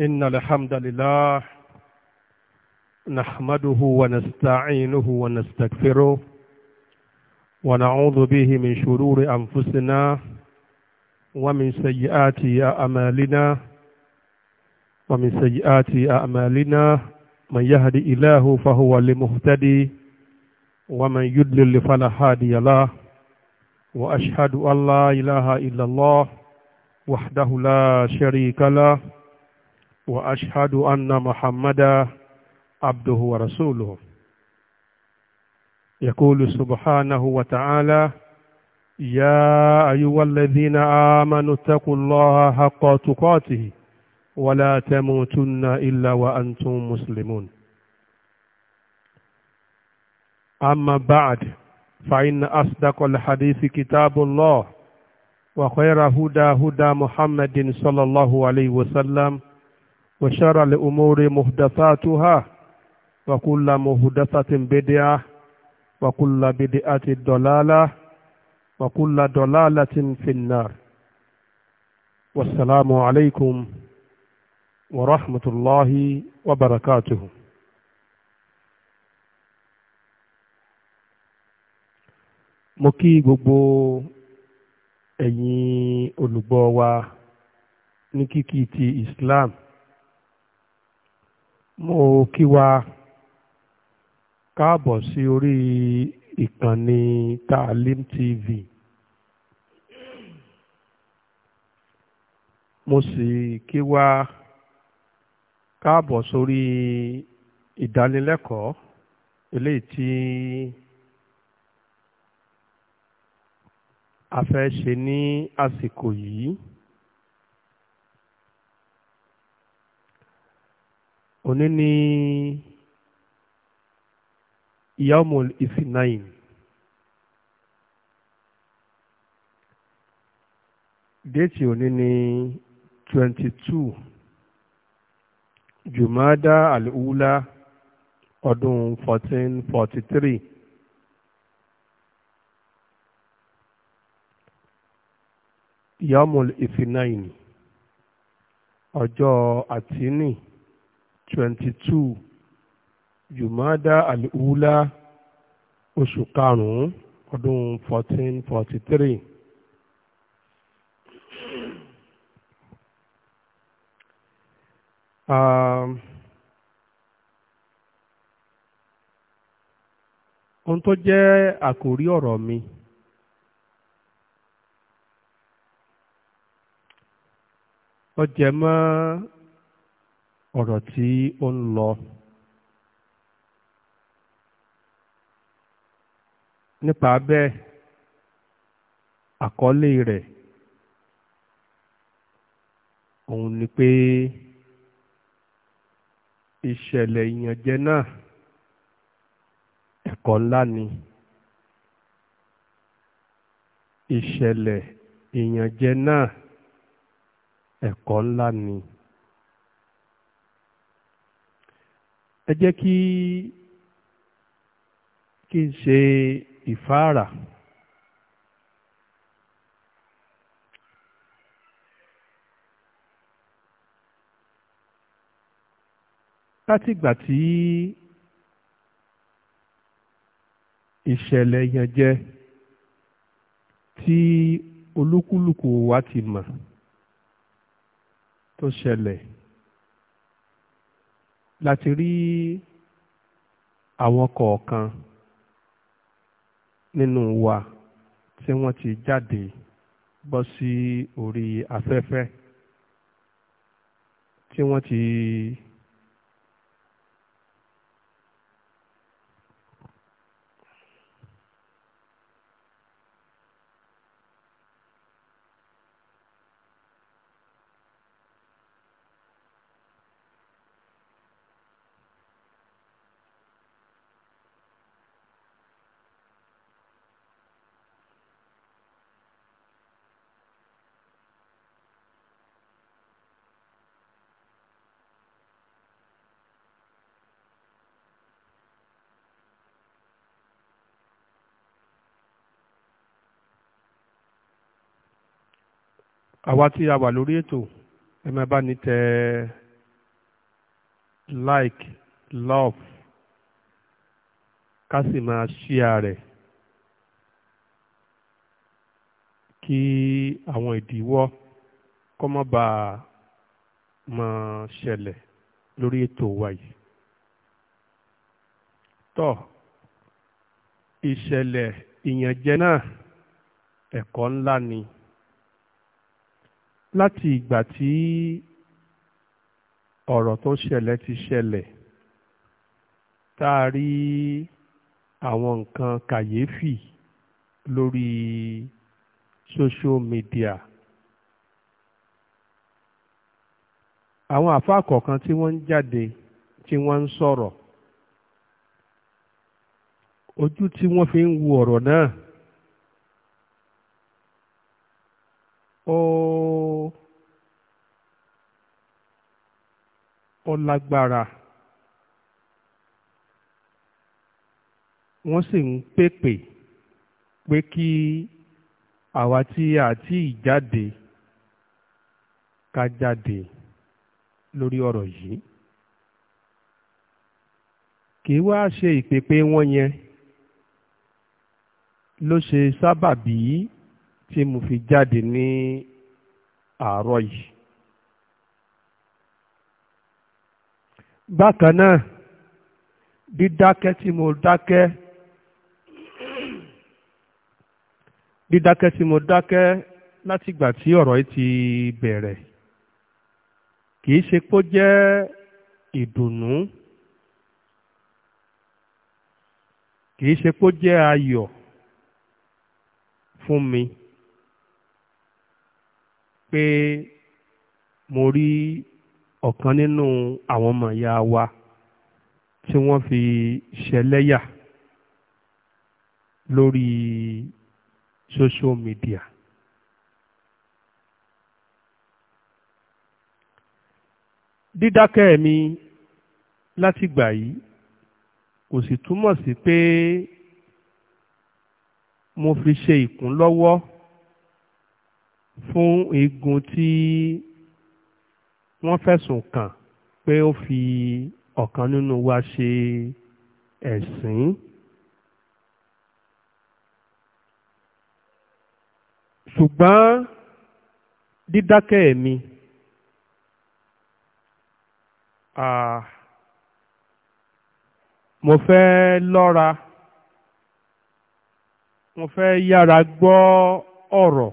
إن الحمد لله نحمده ونستعينه ونستغفره ونعوذ به من شرور أنفسنا ومن سيئات أعمالنا ومن سيئات أعمالنا من يهدي إله فهو لمهتدي ومن يدلل فلا هادي له وأشهد أن لا إله إلا الله وحده لا شريك له وأشهد أن محمدا عبده ورسوله يقول سبحانه وتعالى يا أيها الذين آمنوا اتقوا الله حق تقاته ولا تموتن إلا وأنتم مسلمون أما بعد فإن أصدق الحديث كتاب الله وخير هدى هدى محمد صلى الله عليه وسلم وشر الأمور محدثاتها وكل محدثة بدعة وكل بدعة ضلالة وكل ضلالة في النار والسلام عليكم ورحمة الله وبركاته mo kí gbogbo ẹ̀yin olùgbọ́ wa ní kíkí ti Islam mo kí wa káàbọ̀ sí orí ìkànnì Taalim TV mo sì kí wa káàbọ̀ sórí ìdánilẹ́kọ̀ọ́ eléyìí tí a fẹ́ ṣe ní àsìkò yìí. òní ní yawmul isnain déètì òní ni twenty two jùmọ́dá àlùwúlá ọdún fourteen forty three. yawmul isnain ọjọ́ atini twenty two jùmọ́dá àlùhùlá oṣù karùn-ún ọdún fourteen forty three. Um, ohun tó jẹ́ àkòrí ọ̀rọ̀ mi ó jẹ ọ̀rọ̀ tí ó ń lọ nípa bẹ́ẹ̀ àkọlé rẹ̀ òun ni pé ìṣẹ̀lẹ̀ ìyànjẹ náà ẹ̀kọ́ ńlá ni ìṣẹ̀lẹ̀ ìyànjẹ náà ẹ̀kọ́ ńlá ni. ẹ jẹ́ kí kí n ṣe ìfáàrà látìgbà tí ìṣẹ̀lẹ̀ yẹn jẹ́ tí olúkúlùkù wa ti mọ̀ tó ṣẹlẹ̀ láti rí àwọn kọ̀ọ̀kan nínú wa tí wọ́n ti jáde bọ́ sí orí afẹ́fẹ́ tí wọ́n ti. àwa tí a wà lórí ètò ẹ máa bá ní tẹ like love ká sì máa share rẹ̀ kí àwọn ìdíwọ́ kó má bàa máa ṣẹlẹ̀ lórí ètò wa yìí. tọ́ ìṣẹ̀lẹ̀ ìyànjẹ náà ẹ̀kọ́ ńlá ni láti ìgbà tí ọ̀rọ̀ tó ṣẹlẹ̀ ti ṣẹlẹ̀ tá a rí àwọn nǹkan kàyéfì lórí social media àwọn àfáà kọ̀ọ̀kan tí wọ́n ń jáde tí wọ́n ń sọ̀rọ̀ ojú tí wọ́n fi ń wo ọ̀rọ̀ náà ó ó lágbára wọ́n sì ń pèpè pé kí àwa tí a ti jáde ká jáde lórí ọ̀rọ̀ yìí kì í wá ṣe ìpèpè wọn yẹn ló ṣe sábàbí tí mo fi jáde ní àárọ̀ yìí. bákan náà dídákẹ́ tí mo dákẹ́ dídákẹ́ tí mo dákẹ́ látìgbà tí ọ̀rọ̀ yìí ti bẹ̀rẹ̀ kìí ṣe kó jẹ́ ìdùnnú kìí ṣe kó jẹ́ ayọ̀ fún mi pé mo rí ọ̀kan nínú àwọn ọmọ wa tí wọ́n fi ṣẹlẹ́yà lórí social media. dídákẹ́ mi látìgbà yìí kò sì túmọ̀ sí pé mo fi ṣe ìkúnlọ́wọ́ fún igun tí wọ́n fẹ̀sùn kàn pé ó fi ọ̀kan nínú wa ṣe ẹ̀sìn. ṣùgbọ́n dídákẹ́ mi mo fẹ́ lọ́ra mo fẹ́ yára gbọ́ ọ̀rọ̀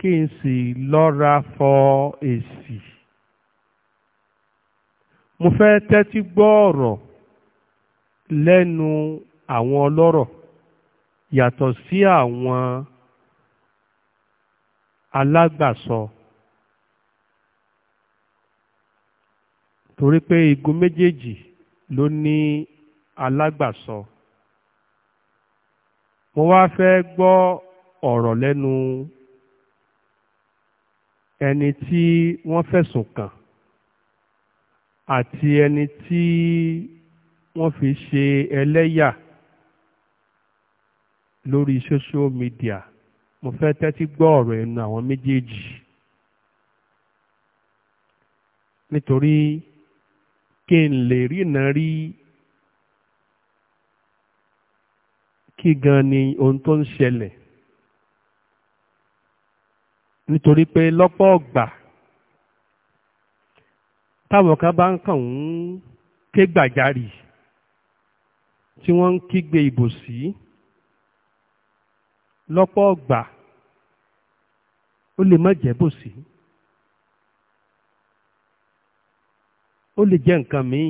kí n sì lọ́ra fọ èsì mo fẹ́ tẹ́tí gbọ́ ọ̀rọ̀ lẹ́nu àwọn ọlọ́rọ̀ yàtọ̀ sí àwọn alágbàsọ torí pé igun méjèèjì ló ní alágbàsọ mo wá fẹ́ gbọ́ ọ̀rọ̀ lẹ́nu ẹni tí wọ́n fẹ̀sùn kàn àti ẹni tí wọ́n fi ṣe ẹlẹ́yà lórí social media mo fẹ́ tẹ́tí gbọ́ ọ̀rọ̀ ẹnu àwọn méjèèjì nítorí kí n lè rìnà rí kí gan ni ohun tó ń ṣẹlẹ̀ nítorí pé lọ́pọ̀ ọ̀gbà táwọn kan bá ń kàn ń ké gbàjarì tí wọ́n ń kígbe ìbòsí lọ́pọ̀ ọ̀gbà ó lè má jẹ́ bòsí ó lè jẹ́ nǹkan míì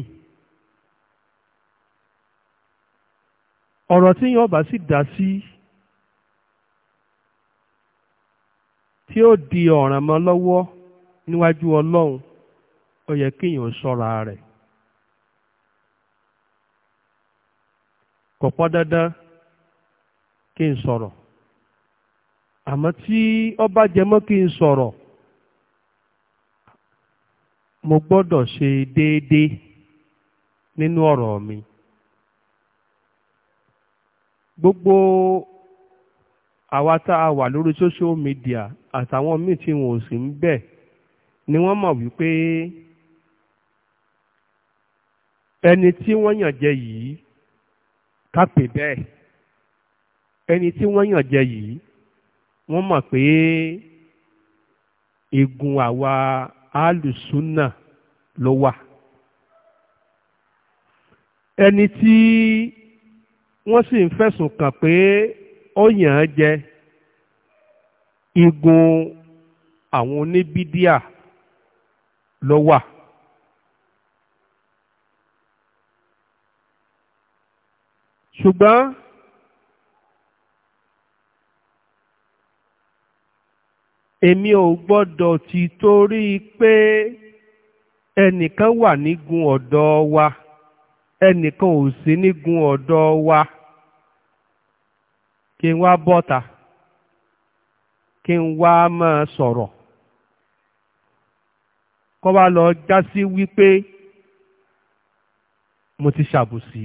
ọ̀rọ̀ tí yóò bá sì dá sí. Si, tí ó di ọ̀ràn mọ́ lọ́wọ́ níwájú ọlọ́run ó yẹ kí kéèyàn ṣọ́ra rẹ̀. kò pọ́ dandan kí n sọ̀rọ̀ àmọ́ tí ó bá jẹ mọ́ kí n sọ̀rọ̀ mo gbọ́dọ̀ ṣe déédéé nínú ọ̀rọ̀ mi gbogbo àwa tá a wà lórí social media àtàwọn míì tí wọn ò sí ń bẹ̀ ni wọ́n mọ̀ wípé ẹni tí wọ́n yàn jẹ yìí ká pè bẹ́ẹ̀ ẹni tí wọ́n yàn jẹ yìí wọ́n mọ̀ pé igun àwa alùsùnà ló wà ẹni tí wọ́n sì ń fẹ̀sùn kàn pé ó yàn án jẹ igun àwọn oníbídíà ló wà ṣùgbọ́n èmi ò gbọ́dọ̀ ti torí pé ẹnìkan wà nígun ọ̀dọ̀ wa ẹnìkan ò sí nígun ọ̀dọ̀ wa kí n wá bọ́ta kí n wá máa sọ̀rọ̀ kọ́ wá lọ já sí wípé mo ti ṣàbùsí. Si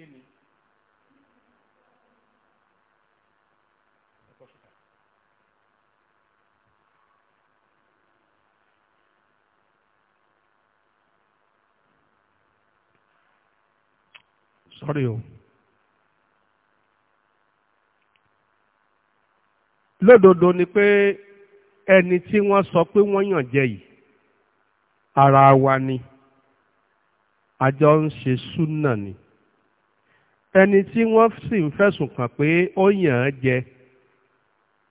kí ni ẹ̀kọ́ ṣùkà. o. pé ẹni tí wọ́n sọ pé wọ́n yàn jẹ yìí ara wa ni àjọ ń ṣe súnà ni. ẹni tí wọ́n sì ń fẹ̀sùn kàn pé ó yàn án jẹ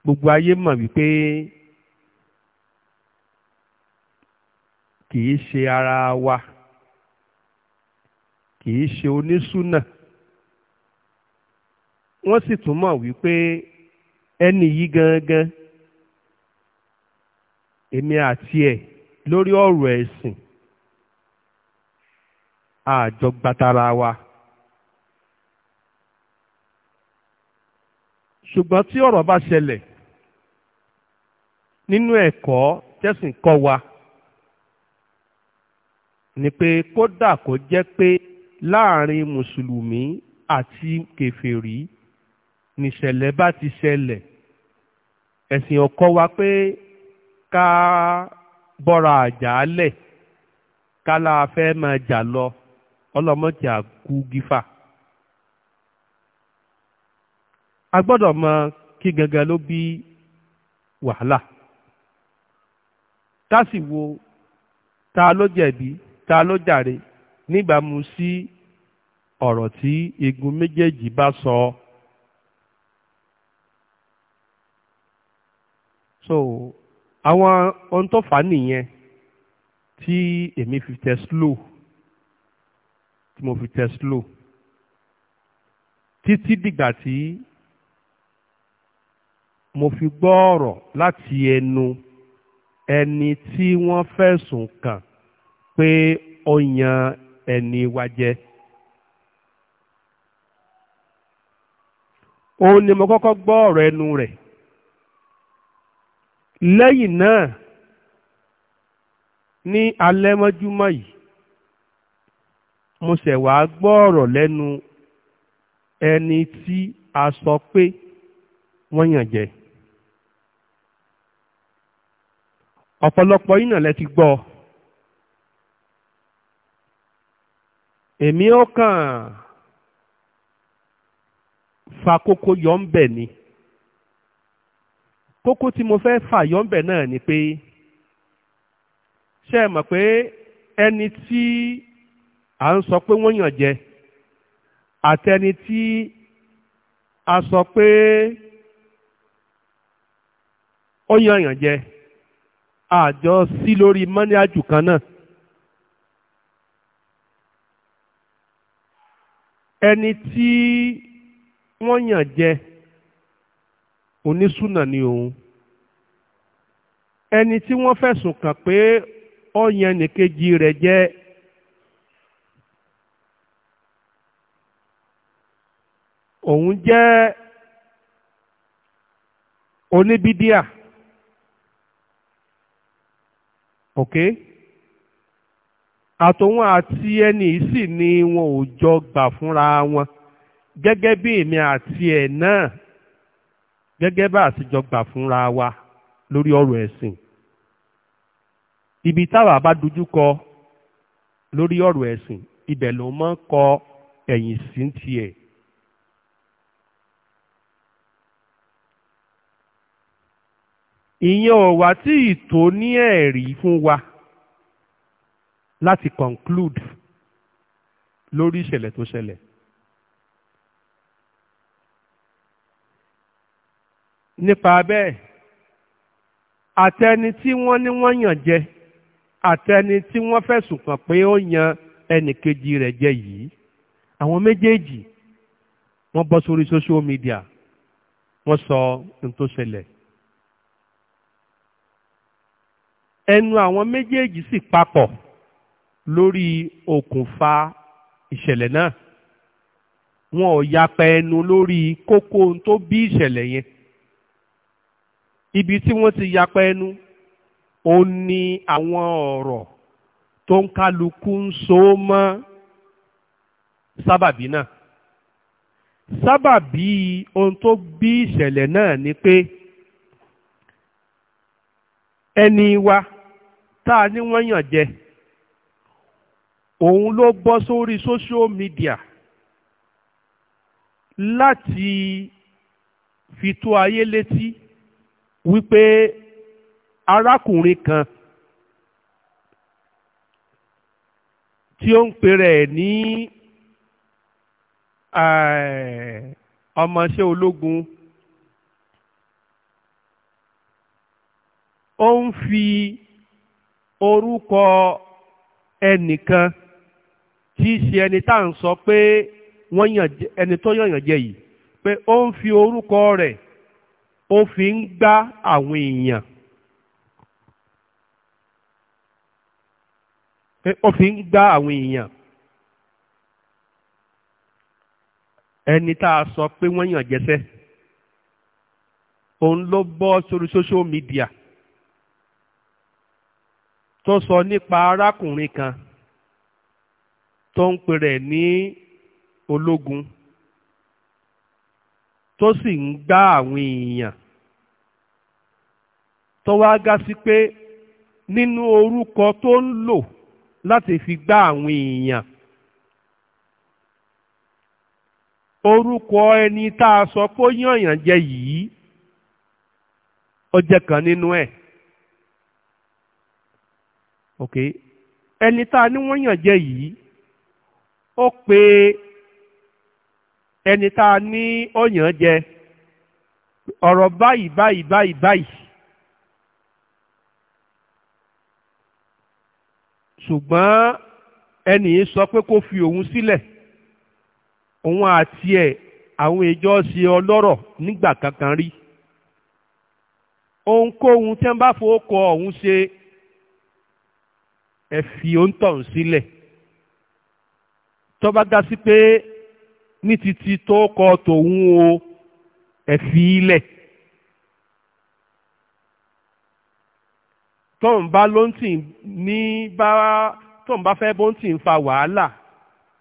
gbogbo ayé mọ̀ wípé kìí ṣe ara wa kìí ṣe onísúnà wọ́n sì tún mọ̀ wípé ẹni yí gangan èmi àti ẹ̀ lórí ọ̀rọ̀ ẹ̀sìn àjọgbàtara wa. ṣùgbọ́n tí ọ̀rọ̀ bá ṣẹlẹ̀ nínú ẹ̀kọ́ tẹ́sìn kọ́ wa ni pé kódà kó jẹ́ pé láàrin mùsùlùmí àti kèfèrí nìṣẹ̀lẹ̀ bá ti ṣẹlẹ̀ ẹ̀sìn ò kọ́ wa pé ká bọ́ra àjálẹ̀ ká la fẹ́ máa jà lọ ọlọ́mọ̀tì àgúgífà. a gbọ́dọ̀ mọ kí gangan ló bí wàhálà ká sì wo ta ló jẹ̀bi ta ló jàre níbàámu sí ọ̀rọ̀ tí igun méjèèjì bá sọ so àwọn ohun tó fà á nìyẹn tí èmi fi tẹ slow tí mo fi tẹ slow títí dìgbà tí mo fi gbọ́ ọ̀rọ̀ láti ẹnu ẹni tí wọ́n fẹ̀sùn kàn pé ó yan ẹni wa òun ni mo kọ́kọ́ gbọ́ ọ̀rọ̀ ẹnu rẹ̀ lẹ́yìn náà ní alẹ́ mọ́júmọ́ yìí mo ṣẹ̀ wá gbọ́ ọ̀rọ̀ lẹ́nu ẹni tí a sọ pé wọ́n yàn jẹ. ọ̀pọ̀lọpọ̀ yìí náà lẹ ti gbọ́ èmi ó fa kókó yọ ń ni kókó tí mo fẹ́ fa yọ ń bẹ̀ náà ni pé ṣe é mọ̀ pé ẹni tí à ń sọ pé wọ́n yàn jẹ àtẹni tí a sọ pé ó yàn yàn jẹ. àjọ sí lórí mọ́níájù kan náà. ẹni tí wọ́n yàn jẹ onísùnà ni òun ẹni tí wọ́n fẹ̀sùn kàn pé ó nìkejì rẹ̀ jẹ́ òun jẹ́ oníbídíà. Ok, àtòun àti ẹni sì ni wọn ò jọ gbà fúnra wọn gẹ́gẹ́ bí èmi àti ẹ̀ náà gẹ́gẹ́ bá àtijọ́ gbà fúnra wa lórí ọ̀rọ̀ ẹ̀sìn ibi táwa bá dojúkọ lórí ọ̀rọ̀ ẹ̀sìn ibẹ̀ ló mọ́ kọ ẹ̀yìn sí tiẹ̀ ìyẹn ò wá tí ìtò ní ẹ̀rí fún wa láti conclude lórí ìṣẹ̀lẹ̀ tó ṣẹlẹ̀. nípa bẹ́ẹ̀ àtẹni tí wọ́n ní wọ́n yàn jẹ àtẹni tí wọ́n fẹ̀sùn kàn pé ó yan ẹnìkejì rẹ̀ jẹ yìí àwọn méjèèjì wọ́n bọ́ sórí social media wọ́n sọ ohun tó ṣẹlẹ̀. ẹnu àwọn méjèèjì sì papọ̀ lórí okùnfà ìṣẹ̀lẹ̀ náà wọn ò yapa ẹnu lórí kókó ohun tó bí ìṣẹ̀lẹ̀ yẹn ibi tí wọ́n ti yapa ẹnu ó ní àwọn ọ̀rọ̀ tó ń kálukú ń so mọ́ sábàbí náà sábàbí ohun tó bí ìṣẹ̀lẹ̀ náà ni pé ẹni wa tá a ní wọ́n yàn jẹ òun ló bọ́ sórí social media láti fi tó ayé létí wípé arákùnrin kan tí ó ń pèrè ní eh, ọmọọṣẹ́ ológun ó ń fi orúkọ ẹnìkan tí í ṣe ẹni tá ń sọ pé wọ́n yàn ẹni tó yàn jẹ yìí pé ó ń fi orúkọ rẹ̀ ó fi ń gbá àwọn èèyàn ó fi ń gbá àwọn èèyàn ẹni tá a sọ pé wọ́n yàn jẹ́sẹ́ òun ló bọ́ sórí social media tó sọ nípa arákùnrin kan tó ń pèrè ní ológun tó sì ń gbá àwọn èèyàn tó wá gá sí pé nínú orúkọ tó ń lò láti fi gbá àwọn èèyàn orúkọ ẹni tá a sọ pé ó yànyàn jẹ yìí ó jẹ́ kan nínú ẹ E ok ẹni tá a ní wọ́n yàn jẹ yìí ó pe ẹni tá a ní ó yàn jẹ ọ̀rọ̀ báyìí báyìí báyìí báyìí ṣùgbọ́n ẹni yìí sọ pé kó fi òun sílẹ̀ òun àti ẹ̀ àwọn ìjọ ṣe ọlọ́rọ̀ nígbà kankan rí ohunkóhun tí wọ́n bá fowó kọ ọ̀hún ṣe ẹ fi òǹtọ̀hún sílẹ̀ tó bá dá sí pé ní títí tó kọ tòun o ẹ fi ilẹ̀ tóun bá ló ń tì ní bá tóun bá fẹ́ bó fa wàhálà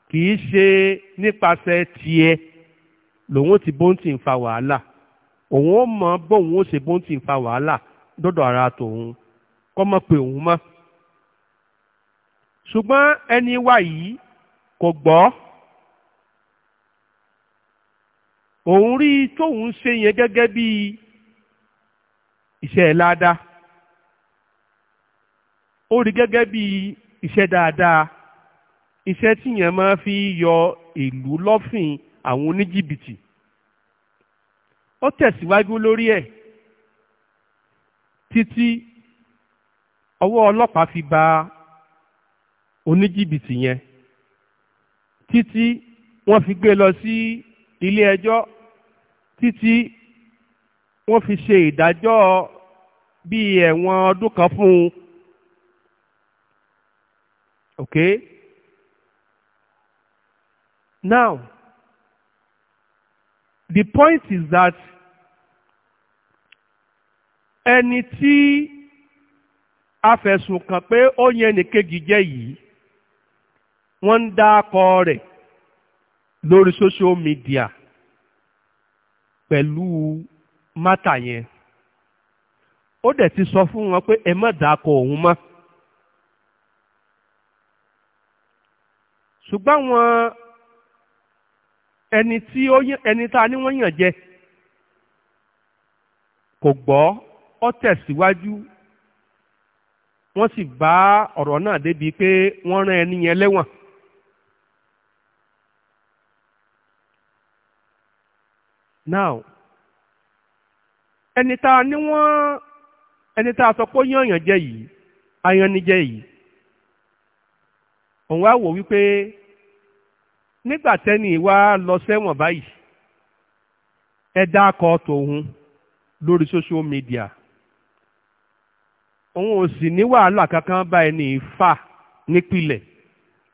kì í ṣe nípasẹ̀ tiẹ̀ lòun ti bó fa wàhálà òun ó mọ bóun ó ṣe bó fa wàhálà dọ́dọ̀ ara tòun kọ́ mọ̀ pé òun mọ́ ṣùgbọ́n ẹni wa yìí kò gbọ́ òun rí tóun ṣe yẹn gẹ́gẹ́ bí iṣẹ́ láda ó rí gẹ́gẹ́ bí iṣẹ́ dáadáa iṣẹ́ tíyẹn máa fi yọ ìlú lọ́fìn àwọn oníjìbìtì ó tẹ̀síwájú lórí ẹ̀ títí ọwọ́ ọlọ́pàá fi ba oníjìbìtì yẹn títí wọ́n fi gbé lọ sí ilé ẹjọ́ títí wọ́n fi ṣe ìdájọ́ bíi ẹ̀wọ̀n ọdún kan fún un okay now the point is that ẹni tí a fẹ̀sùn kàn pé ó yẹn nìkejì jẹ́ yìí wọ́n ń dá akọ rẹ̀ lórí social media pẹ̀lú mátà yẹn ó dẹ̀ ti sọ fún wọn pé ẹ má dákọ òun mọ́ ṣùgbọ́n wọn ẹni tí ó ẹni tá a ní wọ́n yàn jẹ kò gbọ́ ó tẹ̀síwájú wọ́n sì bá ọ̀rọ̀ náà débi pé wọ́n rán ẹni yẹn lẹ́wọ̀n. now ẹni tá a ní wọ́n ẹni tá a sọ pé ó yán àyàn jẹ yìí ayanijẹ yìí òun wá wò wípé nígbà tẹ́ni wá lọ sẹ́wọ̀n báyìí ẹ dákọ tòun lórí social media òun ò sì ní wàhálà kankan bá ẹni fà nípìlẹ̀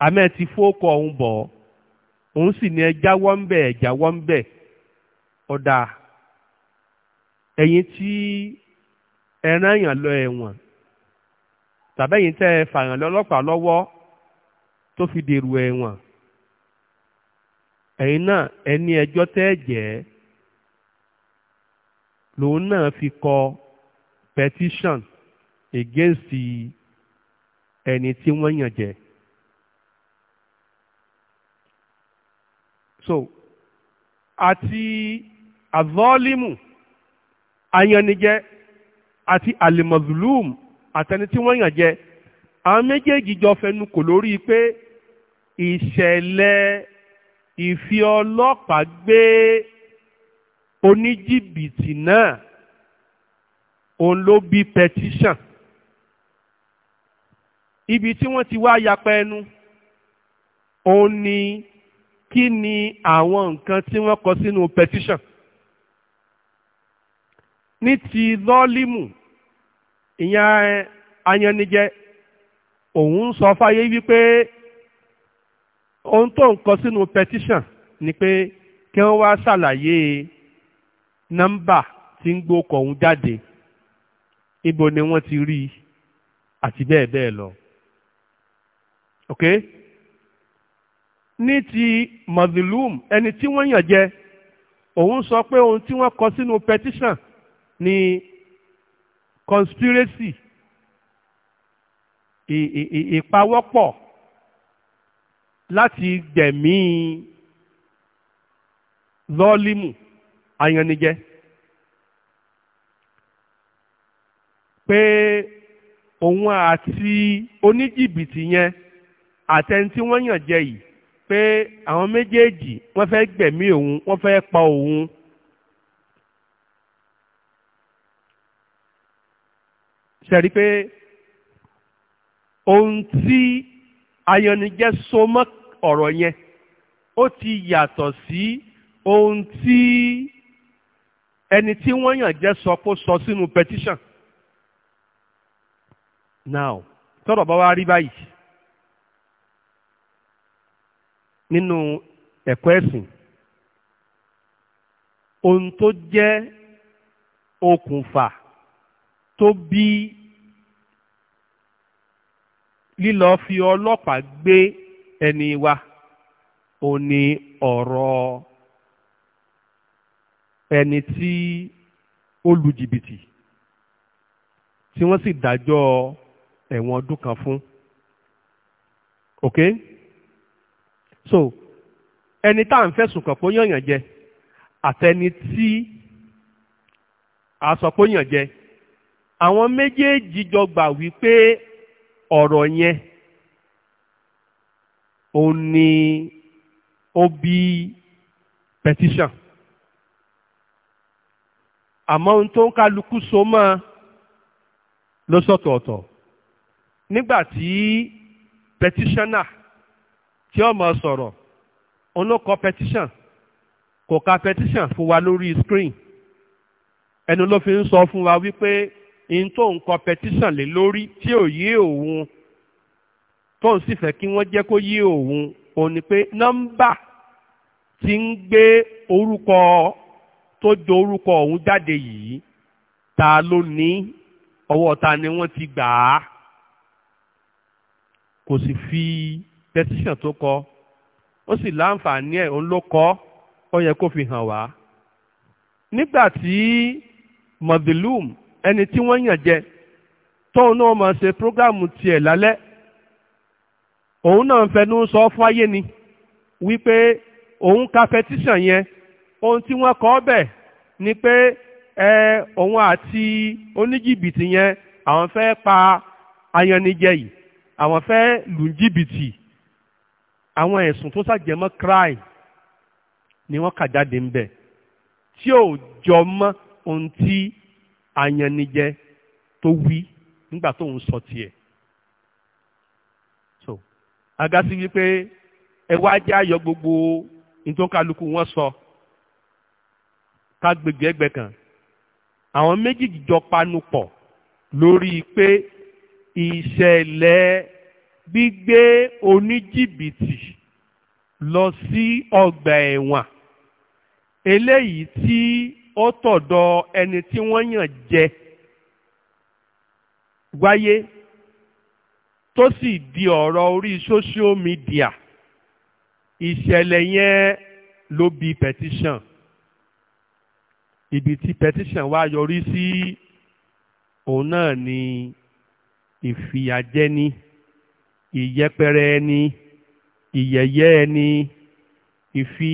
àmẹ́ ti fókọ̀ òun bọ̀ òun sì ní ẹ jáwọ́ ń bẹ̀ ẹ jáwọ́ ń bẹ̀. ọ̀dà ẹ̀yìn tí ẹran èèyàn lọ ẹ̀wọ̀n tàbí ẹ̀yìn tẹ́ ẹ fàyàn lọ́lọ́pàá lọ́wọ́ tó fi dèrò ẹ̀wọ̀n ẹ̀yìn náà ẹni ẹjọ́ tẹ́ jẹ́ lòun náà fi kọ petition against ẹni tí wọ́n yàn jẹ. so àti azọ́límù ayanijẹ àti alimọ̀zulùm àtẹni tí wọ́n yàn jẹ àwọn méjèèjì jọ fẹnu kò lórí pé ìṣẹ̀lẹ̀ ìfi ọlọ́pàá gbé oníjìbìtì náà òun ló bí petition ibi tí wọ́n ti wá yapa ẹnu òun ni kí ni àwọn nǹkan tí wọ́n kọ sínú petition ní ti lọ́límù ìyẹn eh, ayanijẹ òun sọ fáyé wípé ohun tó ń kọ sínú petition ni pé kí wọ́n wá ṣàlàyé nọ́mbà tí ń gbókọ̀ òun jáde ibo ni wọ́n ti rí àti bẹ́ẹ̀ bẹ́ẹ̀ lọ. ní ti mazlum ẹni tí wọ́n yàn jẹ òun sọ pé ohun tí wọ́n kọ sínú petition ni conspiracy ìpawọ́pọ̀ láti gbẹ̀mí zọ́límù ayanijẹ́ pé òun àti oníjìbìtì yẹn àtẹni tí wọ́n yàn jẹ yìí pé àwọn méjèèjì wọ́n fẹ́ gbẹ̀mí òun wọ́n fẹ́ pa òun. ṣẹ̀rí pé ohun tí ayọnijẹ́ so mọ́ ọ̀rọ̀ yẹn ó ti yàtọ̀ sí ohun tí ẹni tí wọ́n yàn jẹ́ sọ kó sọ sínú petition now tọ́rọ̀ bá wá rí báyìí nínú ẹ̀kọ́ ẹ̀sìn ohun tó jẹ́ okùnfà tó bí lílọ fi ọlọ́pàá gbé ẹni wa ó ní ọ̀rọ̀ ẹni tí ó lu jìbìtì tí wọ́n sì dájọ́ ẹ̀wọ̀n ọdún kan fún ok so ẹni tá à ń fẹ̀sùn kàn pé ó yàn yàn jẹ àtẹni tí a sọ pé ó yàn àwọn méjèèjì jọ gbà wípé ọ̀rọ̀ yẹn ó ní ó bí petition àmọ́ ohun tó ń kálukú so mọ́ ló sọ̀tọ̀ọ̀tọ̀ nígbà tí petitioner tí ó máa sọ̀rọ̀ òun ló kọ petition kò ka petition fún wa lórí screen ẹnu ló fi ń sọ fún wa wípé in tó ń competition lé lórí tí ò yé òun tó ń sì fẹ́ kí wọ́n jẹ́ kó yé òun ò ní pé nọ́mbà tí ń gbé orúkọ tó jọ orúkọ òun jáde yìí ta ló ní ọwọ́ ta ni wọ́n ti gbà á kò sì fi petition tó kọ ó sì láǹfààní ẹ̀ òun ló kọ ó yẹ kó fi hàn wá nígbà tí mọ̀dìlúùmù ẹni tí wọ́n yàn jẹ tóun náà máa ṣe prógáàmù tiẹ̀ lálẹ́ òun náà ń fẹnu sọ fún ayé ni wípé òun ka petition yẹn ohun tí wọ́n kọ bẹ̀ ni pé ẹ òun àti oníjìbìtì yẹn àwọn fẹ́ pa ayannijẹ yìí àwọn fẹ́ lù jìbìtì àwọn ẹ̀sùn tó ṣàjẹmọ́ crime ni wọ́n kà jáde ń bẹ̀ tí ò jọ mọ́ ohun tí ayanijẹ tó wí nígbà tóun sọ tiẹ̀ so agasi wípé ẹ wá jẹ́ ayọ̀ gbogbo ìtọ́kálukú wọn sọ ká gbègbè ẹgbẹ́ kan àwọn méjì jọ panupọ̀ lórí pé ìṣẹ̀lẹ̀ gbígbé oníjìbìtì lọ sí ọgbà ẹ̀wọ̀n eléyìí tí ó tọ̀dọ̀ ẹni tí wọ́n yàn jẹ wáyé tó sì di ọ̀rọ̀ orí social media ìṣẹ̀lẹ̀ yẹn ló bí petition ibi tí petition wá yọrí sí òun náà ni ìfìyàjẹni ìyẹpẹrẹ ẹni ìyẹyẹ ẹni ìfi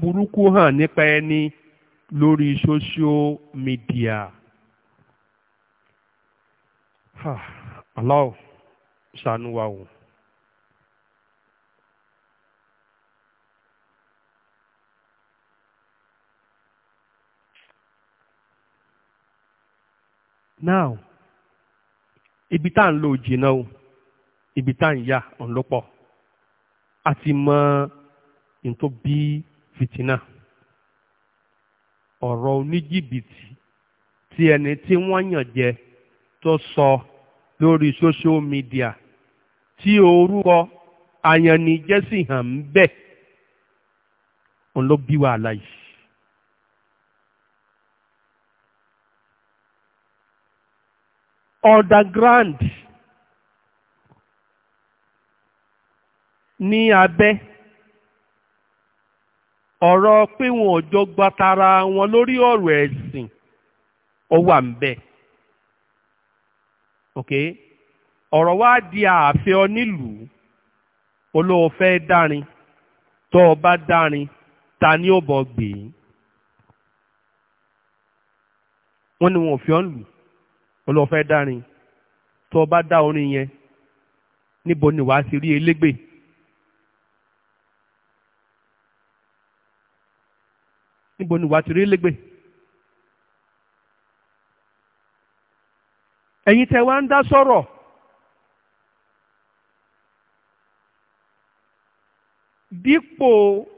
burúkú hàn nípa ẹni lórí social media. Ha, Allah ṣàánú wa o. now ibi tá à ń lò jìnnà o ibi tá ń yà ọ̀n lọ́pọ̀ a ti mọ ní bí fìtínà. ọ̀rọ̀ oníjìbìtì tí ẹni tí wọ́n yàn jẹ tó sọ lórí social media tí orúkọ ayanijẹ́ sì hàn ń bẹ̀ ló bí wàhálà yìí. underground ní abẹ́ ọ̀rọ̀ pé wọn ò jọ gbatara wọn lórí ọ̀rọ̀ ẹ̀sìn ó wà ń bẹ̀ ok ọ̀rọ̀ wá di ààfẹ́ onílùú olóò fẹ́ dárin tó o bá dárin ta ni ó bọ̀ gbé wọ́n ní wọn ò fi ọ́n lù olóò fẹ́ dárin tó o bá dá orin yẹn níbo ni wàá ti rí elégbè. níbo ni wàá ti rí lẹ́gbẹ̀ẹ́. ẹ̀yin tẹ́ wá ń dá sọ̀rọ̀ dípò